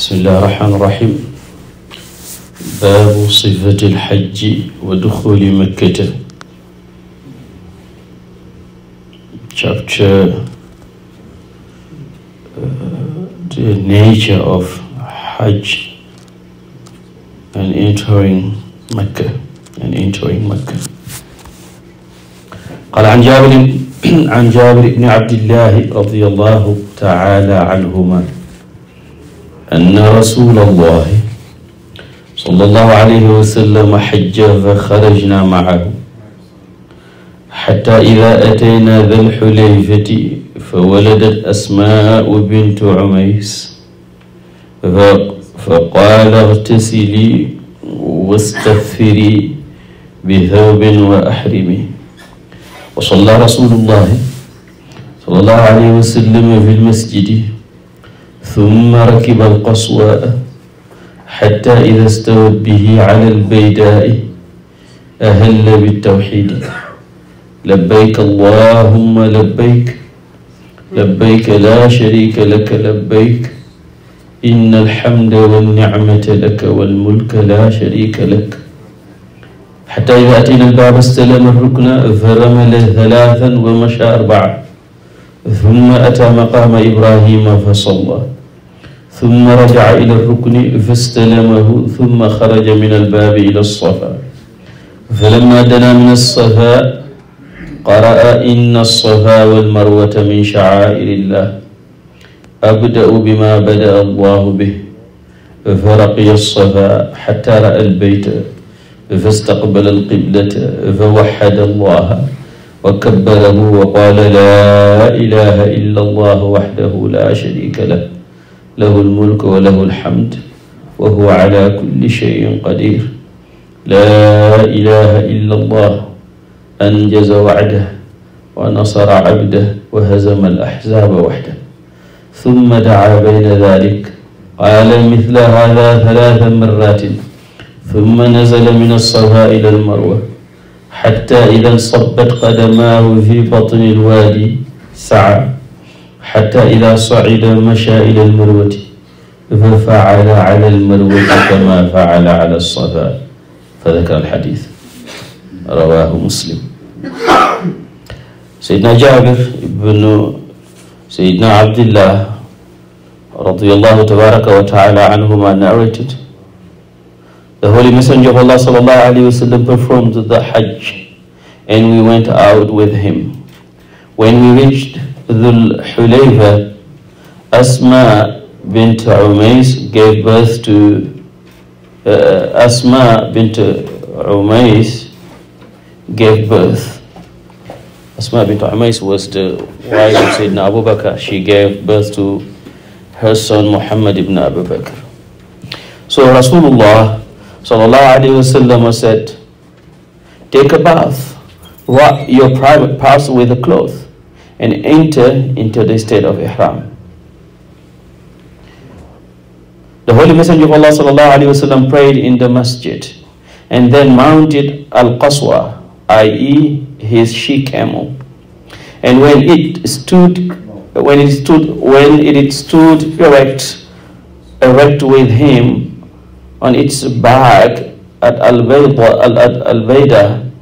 bismillahi irrahmaani irrahim baabu sifati lxajji wa duxuli makkata chapter uh, the nature of hajj and entering Mecca and entering Mecca قال عن جابر عن جابر بن عبد الله رضي الله تعالى عنهما anna rasulallahi sallallahu alayhi wa sallam xajja fa xarajna maahu xata ida atayna dal xulayfati fa waladat asmaau bintu umays fa qaala irtasili wastafiri bithawbin wa ahrimi wa salla rasulullahi sallallahu alayhi wa sallam fi lmasjidi ثم ركب القصواء حتى إذا استوت به على البيداء أهل بالتوحيد لبيك اللهم لبيك لبيك لا شريك لك لبيك إن الحمد والنعمة لك والملك لا شريك لك حتى إذا أتينا الباب استلم الركن فرمل ثلاثا ومشى أربعة summa ataa maqaama ibrahima fa salla summa rajaca ila rukni fastanamahu summa xaraja min albaabi ila alsafa falamma danaa min alsafa qaraa inna alsafa walmarwata min shacaa'iri llah abda'u bima bada'a allahu bih faraqiya alsafa xataa ra'a albayta fastaqbala alqiblata fa waxada allaha وكبره وقال لا إله إلا الله وحده لا شريك له له الملك وله الحمد وهو على كل شيء قدير لا إله إلا الله أنجز وعده ونصر عبده وهزم الأحزاب وحده ثم دعا بين ذلك قال مثل هذا ثلاث مرات ثم نزل من الصفا إلى المروة xataa idaa sabbat qadamaahu fi batni alwaadi saa xataa idaa sacida mashaa ila almarwati fa facala ala almarwati kama facala ala alsafa fa dakara alxadis rawaahu muslim Seydina Jaabir ibnu Seydina Abdillah radiyallahu tabaraka wa taala anhuma narrated The Holy Messenger of Allah sallallahu alayhi wasallam performed the Hajj and we went out with him. When we reached Dhul Hulayfa, Asma bint Umais gave birth to uh, Asma bint Umais gave birth. Asma bint Umais was the wife of Sayyidina Abu Bakr. She gave birth to her son Muhammad ibn Abu Bakr. So Rasulullah Sallallahu Alaihi Wasallam said, Take a bath, wrap your private parts with a cloth, and enter into the state of Ihram. The Holy Messenger of Allah Sallallahu Alaihi Wasallam prayed in the masjid and then mounted Al-Qaswa, i.e. his she-camel. And when it stood when it stood when it stood erect erect with him on its back at Al-Baida,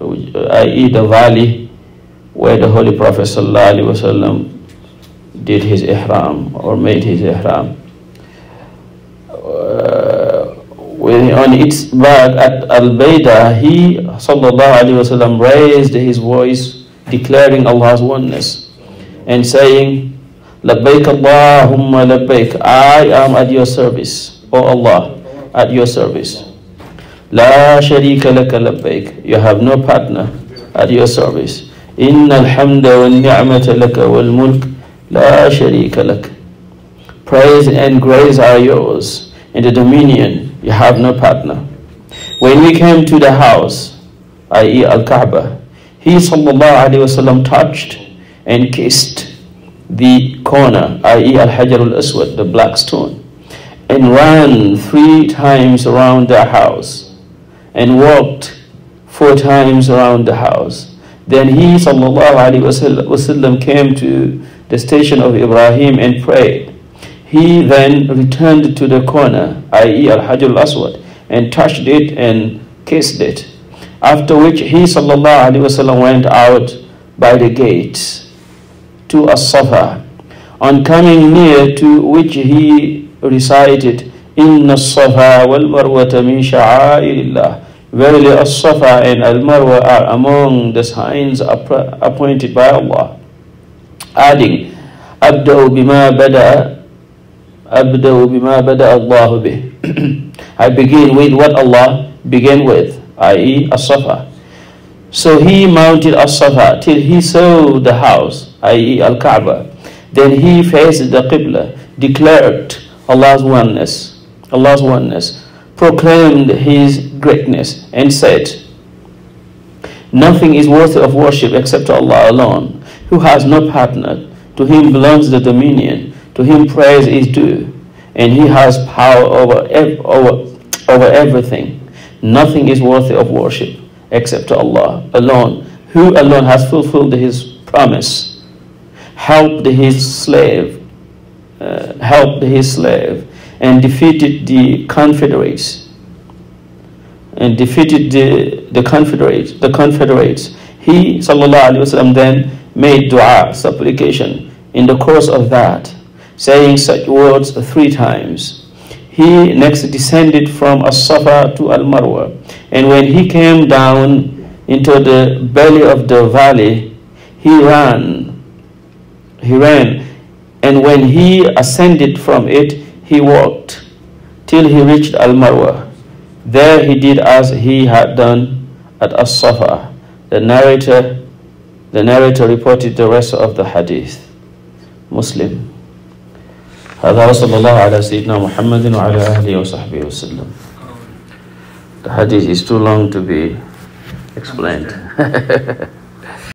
i.e. the valley where the Holy Prophet ﷺ did his ihram or made his ihram. Uh, when, on its back at Al-Baida, he وسلم, raised his voice declaring Allah's oneness and saying, Labbaik Allahumma labbaik, I am at your service. O Allah, at your service. La sharika laka labbaik. You have no partner at your service. Inna alhamda wal ni'mata laka wal mulk. La sharika lak. Praise and grace are yours. In the dominion, you have no partner. When we came to the house, i.e. Al-Kaaba, he sallallahu alayhi wasallam touched and kissed the corner, i.e. Al-Hajar al-Aswad, the black stone. and ran three times around the house and walked four times around the house. Then he وسلم, came to the station of Ibrahim and prayed. He then returned to the corner, i.e. Al-Hajjul Aswad, and touched it and kissed it. After which he وسلم, went out by the gate to As-Safa. On coming near to which he recited إن الصفا والمروة من شعائر الله Verily As-Safa and Al-Marwa are among the signs appointed by Allah. Adding, أبدأ بما بدأ أبدأ بما بدأ الله به I begin with what Allah began with, i.e. As-Safa. So he mounted As-Safa till he saw the house, i.e. Al-Kaaba. Then he faced the Qibla, declared, Allah's oneness, Allah's oneness, proclaimed his greatness and said, Nothing is worthy of worship except Allah alone, who has no partner. To him belongs the dominion, to him praise is due, and he has power over, ev over, over everything. Nothing is worthy of worship except Allah alone, who alone has fulfilled his promise, helped his slave, uh, helped his slave and defeated the Confederates. And defeated the, the Confederates. The Confederates. He, sallallahu alaihi wasallam, then made dua, supplication, in the course of that, saying such words three times. He next descended from As-Safa to Al-Marwa, and when he came down into the belly of the valley, he ran, he ran and when he ascended from it, he walked till he reached Al Marwa. There he did as he had done at As Safa. The narrator, the narrator reported the rest of the hadith. Muslim. هذا صلى الله على سيدنا محمد وعلى آله وصحبه وسلم. The hadith is too long to be explained.